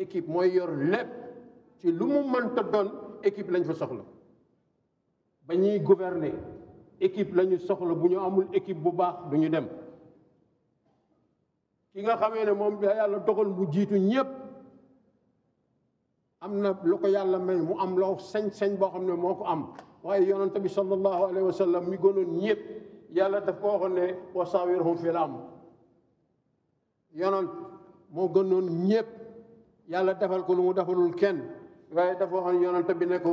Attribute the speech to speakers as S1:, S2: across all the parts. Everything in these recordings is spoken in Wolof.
S1: équipe mooy yor lépp ci lu mu mënta doon équipe lañ fa soxla ba ñuy gouverner équipe lañu soxla bu ñu amul équipe bu baax du ñu dem ki nga xawee ne moom yàlla dogal mu jiitu ñépp am na lu ko yàlla may mu am loo sañ-sañ boo xam ne moo ko am waaye yonoon bi sallallahu alayhi wa sallam yàlla daf ko waxoon moo gënoon ñépp yàlla defal ko lu mu defalul kenn waaye dafa waxoon yonent bi ne ko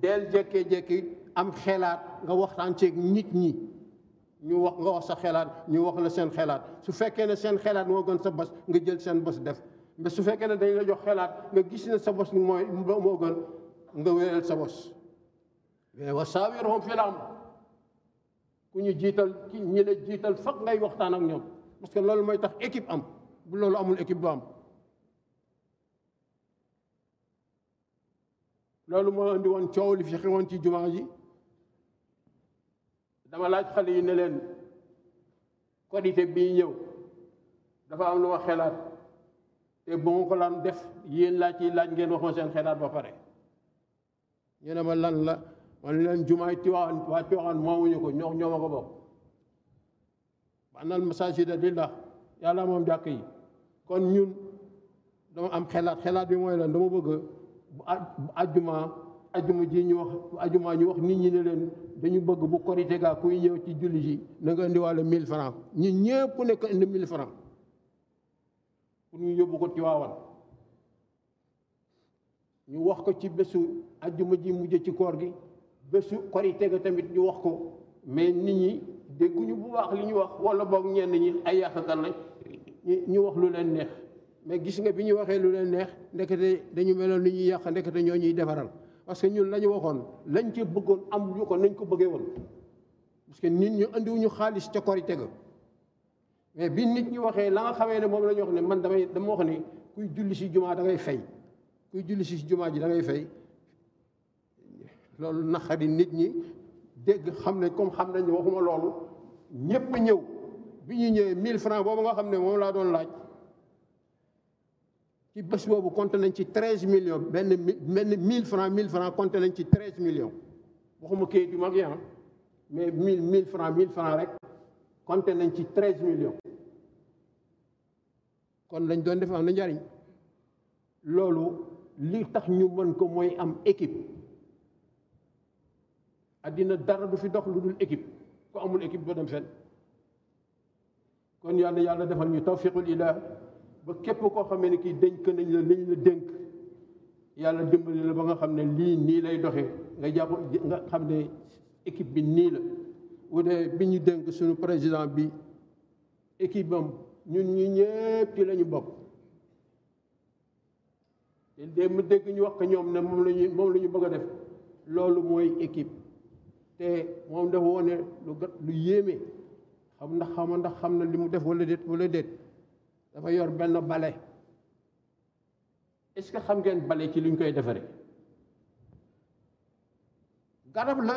S1: deel jékkee-jékki am xelaat nga waxtaan ceeg nit ñi ñu wax nga wax sa xelaat ñu wax la seen xelaat su fekkee ne seen xelaat moo gën sa bas nga jël seen bos def mais su fekkee ne dañ la jox xelaat nga gis ne sa bos mooy moo gën nga wéral sa bos mais wa saawirhum fil amr ku ñu jiital ñi la jiital fokk ngay waxtaan ak ñoom parce loolu mooy tax équipe am bu loolu amul équipe bu am loolu moo indi woon coow li fi xewoon ci jumaa ji dama laaj xale yi ne leen korite bii ñëw dafa am lu ma xelaat te bu ma ko laan def yéen laa ciy laaj ngeen waxoon seen xelaat ba pare ñu ma lan la ma ne leen jumaay Tiwaawan waa Tiwaawan moomuñu ko ñoo ñoo ma ko bokk ba nal masaajida lillah yàlla moom jàkk yi kon ñun dama am xelaat xelaat bi mooy lan dama bëgg ajjuma ajjuma ji ñu wax ajjuma ñu wax nit ñi ne leen dañu bëgg bu korite gaa kuy ñëw ci julli ji na nga indiwaale mille francs ñun ñëpp nekk indi mille francs pour ñu yóbbu ko Tiwaawan ñu wax ko ci bésu ajjuma ji mujj ci koor gi bésu korite ga tamit ñu wax ko mais nit ñi dégguñu bu baax li ñu wax wala boog ñenn ñi ay yàqkat la ñu wax lu leen neex mais gis nga bi ñu waxee lu leen neex ndekete dañu meloon lu ñuy yàq ndekete ñoo ñuy defaral parce que ñun la ñu waxoon lañ ci bëggoon am ñu ko nañ ko bëggee woon parce que nit ñu andiwuñu xaalis ca korite ga mais bi nit ñi waxee la xamee ne moom la wax ne man damay dama wax ni kuy julli si jumaa dangay ngay fay kuy julli si jumaa ji da ngay fay loolu naqari nit ñi dégg xam ne comme xam nañ waxuma loolu ñëpp ñëw bi ñu ñëwee 1000 francs boobu nga xam ne moom laa doon laaj ci bés boobu compté nañ ci treize millions benn mill mille franc mille franc compté nañ ci treize millions waxuma kayit yu mag yi ah, mais mille mille franc mille franc rek compté nañ ci treize millions kon lañ doon def am na njariñ loolu li tax ñu mën ko mooy am équipe addina dara du fi dox lu dul équipe ku amul équipe doo dem fenn kon yàlla yàlla defal ñu tawfiqul ilah ba képp koo xamee ne kii dénk nañ la lañ la dënk yàlla dimbali la ba nga xam ne lii nii lay doxee nga jàpp nga xam ne équipe bi nii la wute bi ñu dënk suñu président bi équipe am ñun ñu ñëpp ci la ñu bokk dé mu wax ñoom ne moom lañu moom la ñu bëgg a def loolu mooy équipe te moom dafa woone lu lu yéeme xam ndax xam ndax xam na li mu def wala déet wala déet dafa yor benn bale est-ce que xam ngeen bale ci luñ koy defaree garab la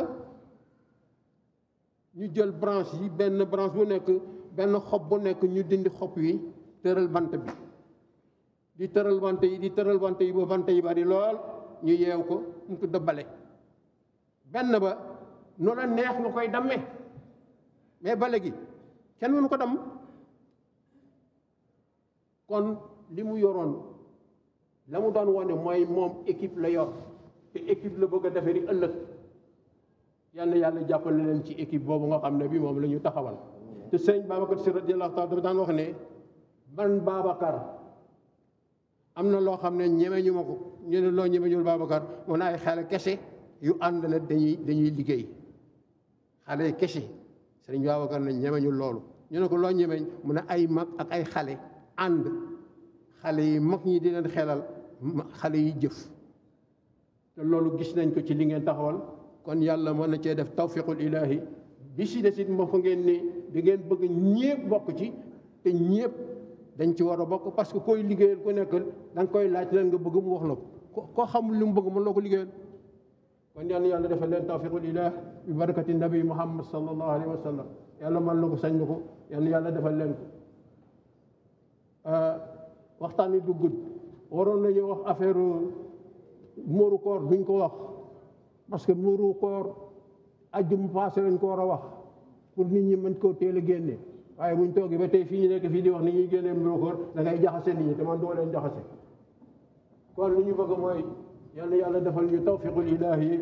S1: ñu jël branche yi benn branche bu nekk benn xob bu nekk ñu dindi xob yi tëral bant bi di tëral bant yi di tëral bant yi ba bant yi bari lool ñu yeew ko mu tudd bale benn ba noonu la neex nga koy dammee mais bale gi kenn mënu ko damm kon li mu yoroon la mu doon wane mooy moom équipe la yor te équipe la bëgg a defari ëllëg yal na yàlla jàppale leen ci équipe boobu nga xam ne bii moom la ñu taxawal te sëñ Babacar Si radiyallahu taala dafa daan wax ne ban baabakar am na loo xam ne ñemeñu ma ko ñu loo ñemeñul Babacar mu ne ay xale kese yu ànd la dañuy dañuy liggéey xale kese sëñ Babacar ne ñemeñu loolu ñu ne ko loo ñemeñ mu ne ay mag ak ay xale ànd xale yi mag ñi di leen xelal xale yi jëf te loolu gis nañ ko ci li ngeen taxawal kon yàlla mën na cee def tawfiqul ilaahi bi si des it moo ngeen ne da ngeen bëgg ñépp bokk ci te ñépp dañ ci war a bokk parce que koy liggéeyal ku nekk da koy laaj lan bëgg mu wax la ko koo xamul li mu bëgg mën loo ko liggéeyal kon yàlla yàlla defal leen tawfiqul ilaah bi barakati nabi muhammad sallallahu alayhi wa sallam yàlla mën na ko sañ na ko yàlla defal leen Euh, waxtaan wi du gudd waroon nañu wax affaire muuru koor duñ ko wax parce que muuru koor ajjum passé lañ ko war a wax pour nit ñi mën koo teel a génne waaye buñ toogee ba tey fii ñu nekk fii di wax ni ñuy génnee muuru koor da ngay jaxase nit ñi te man doo leen jaxase kon li ñu bëgg mooy yàlla yàlla defal ñu tawfiqul ilaahi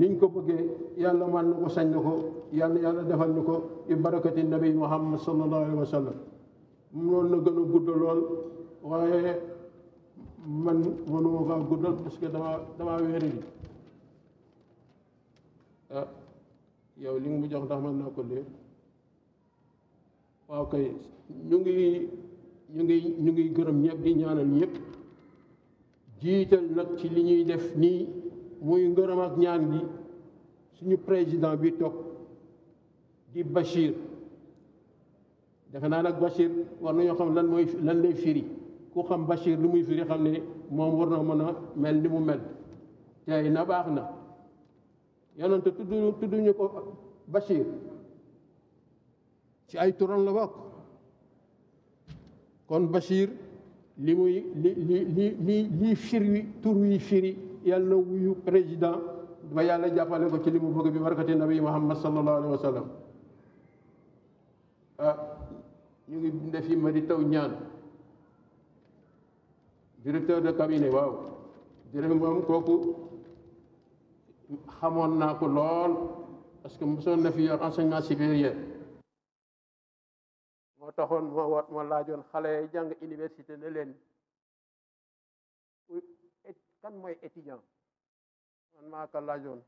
S1: niñ ko bëggee yàlla man na sañ na ko yàlla yàlla defal ñu ko bi barakati nabi muhammad sallallahu alayhi mënoon na gën a gudd lool waaye man mënuma kaa guddal parce que dama damaa weeri bi ah, yow li nga mu jox ndax mën naa ko léer waaw kay ñu ngi ñu ngi ñu ngi gërëm ñëpp di ñaanal ñëpp jiital nag ci li ñuy def nii muy ngërëm ak ñaan gi suñu président bi toog di Bachir defe naa nag Bachir war nañoo xam lan mooy lan lay firi ku xam Bachir lu muy firi xam ne moom war na mën a mel ni mu mel tey na baax na yonent tuddu tudduñu ko Bachir ci ay turam la bokk kon Bachir li muy li li li li lii firi tur wi firi yàlla na wuyu président ba yàlla jàppale ko ci li mu bëgg bi barkati nabi Muhammad sallallahu alayhi wa ñu ngi bind fi Mary taw Niane directeur de cabinet waaw jërëjëf moom kooku xamoon naa ko lool parce que mosoon na fi yor enseignement supérieur moo taxoon moo wat moo laajoon xale yi université ne leen kan mooy étudiant man maa ko laajoon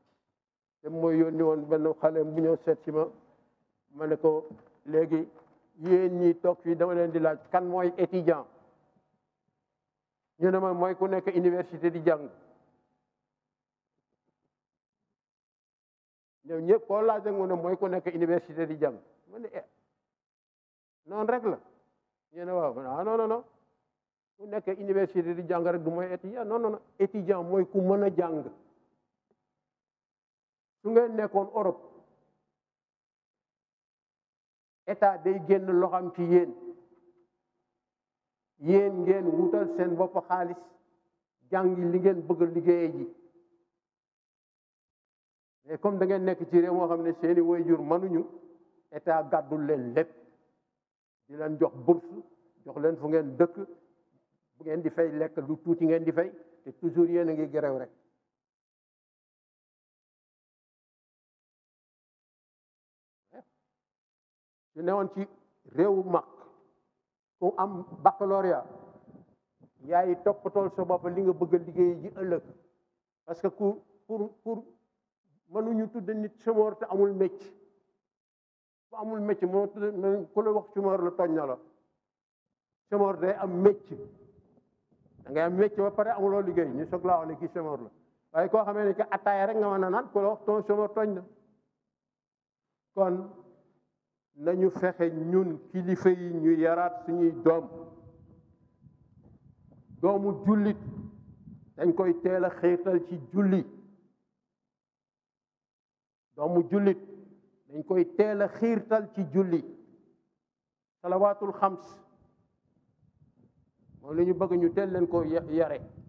S1: te mooy yónni woon benn xale bu ñëw seet si ma ma ne ko léegi yéen ñi toog fii dama leen di laaj kan mooy étudiant ñu ne ma mooy ku nekk université di jàng ñoom ñëpp koo laaj mu ne mooy ku nekk université di jàng ma eh, noonu rek la ñu ne waaw ah, ku nekk université di jàng du mooy étudiant non non mooy ku mën a jàng su ngeen nekkoon orop état day génn loxam ci yéen yéen ngeen wutal seen bopp xaalis jàngi li ngeen bëgg liggéeye ji mais comme da ngeen nekk ci réew moo xam ne seeni waajur mënuñu état gàddul leen lépp di leen jox bourse jox leen fu ngeen dëkk bu ngeen di fay lekk lu tuuti ngeen di fay te toujours yéen a ngi gerew rek ñu newoon ci réewu mag ku am baccalauréat yaay toppatool sa bopp li nga bëgg a liggéey ji ëllëg parce que ku pour pour mënuñu tudd nit chômeur te amul mécc ku amul mécc moo tudd ku la wax chômeur la tooñ na la chômeur day am mécc da ngay am mécc ba pare amuloo liggéey ñu soog laa wax ne kii la waaye koo xamee ne que attaaya rek nga mën a naan ku la wax ton chômeur tooñ kon nañu fexe ñun kilifa yi ñu yaraat suñuy doom doomu jullit dañ koy teel a xiirtal ci julli doomu jullit dañ koy teel a xiirtal ci julli salawaatul xams moom la ñu bëgg ñu teel leen koy yare